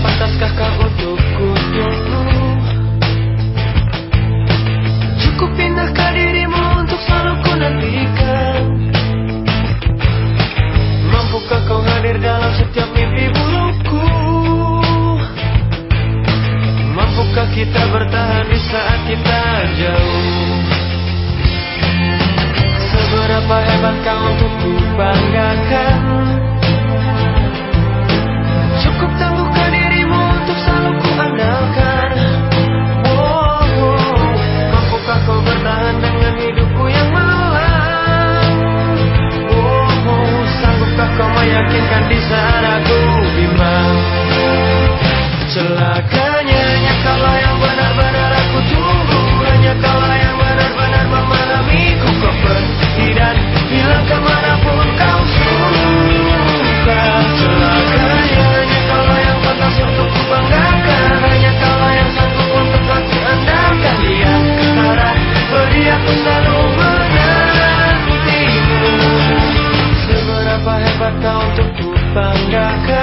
pantaskah kau untukku dulu Cukup pindahkah dirimu untuk selalu ku nantikan Mampukah kau hadir dalam setiap mimpi burukku Mampukah kita bertahan di saat kita jauh Seberapa hebat kau untuk banggakan maka untuk ku banggakan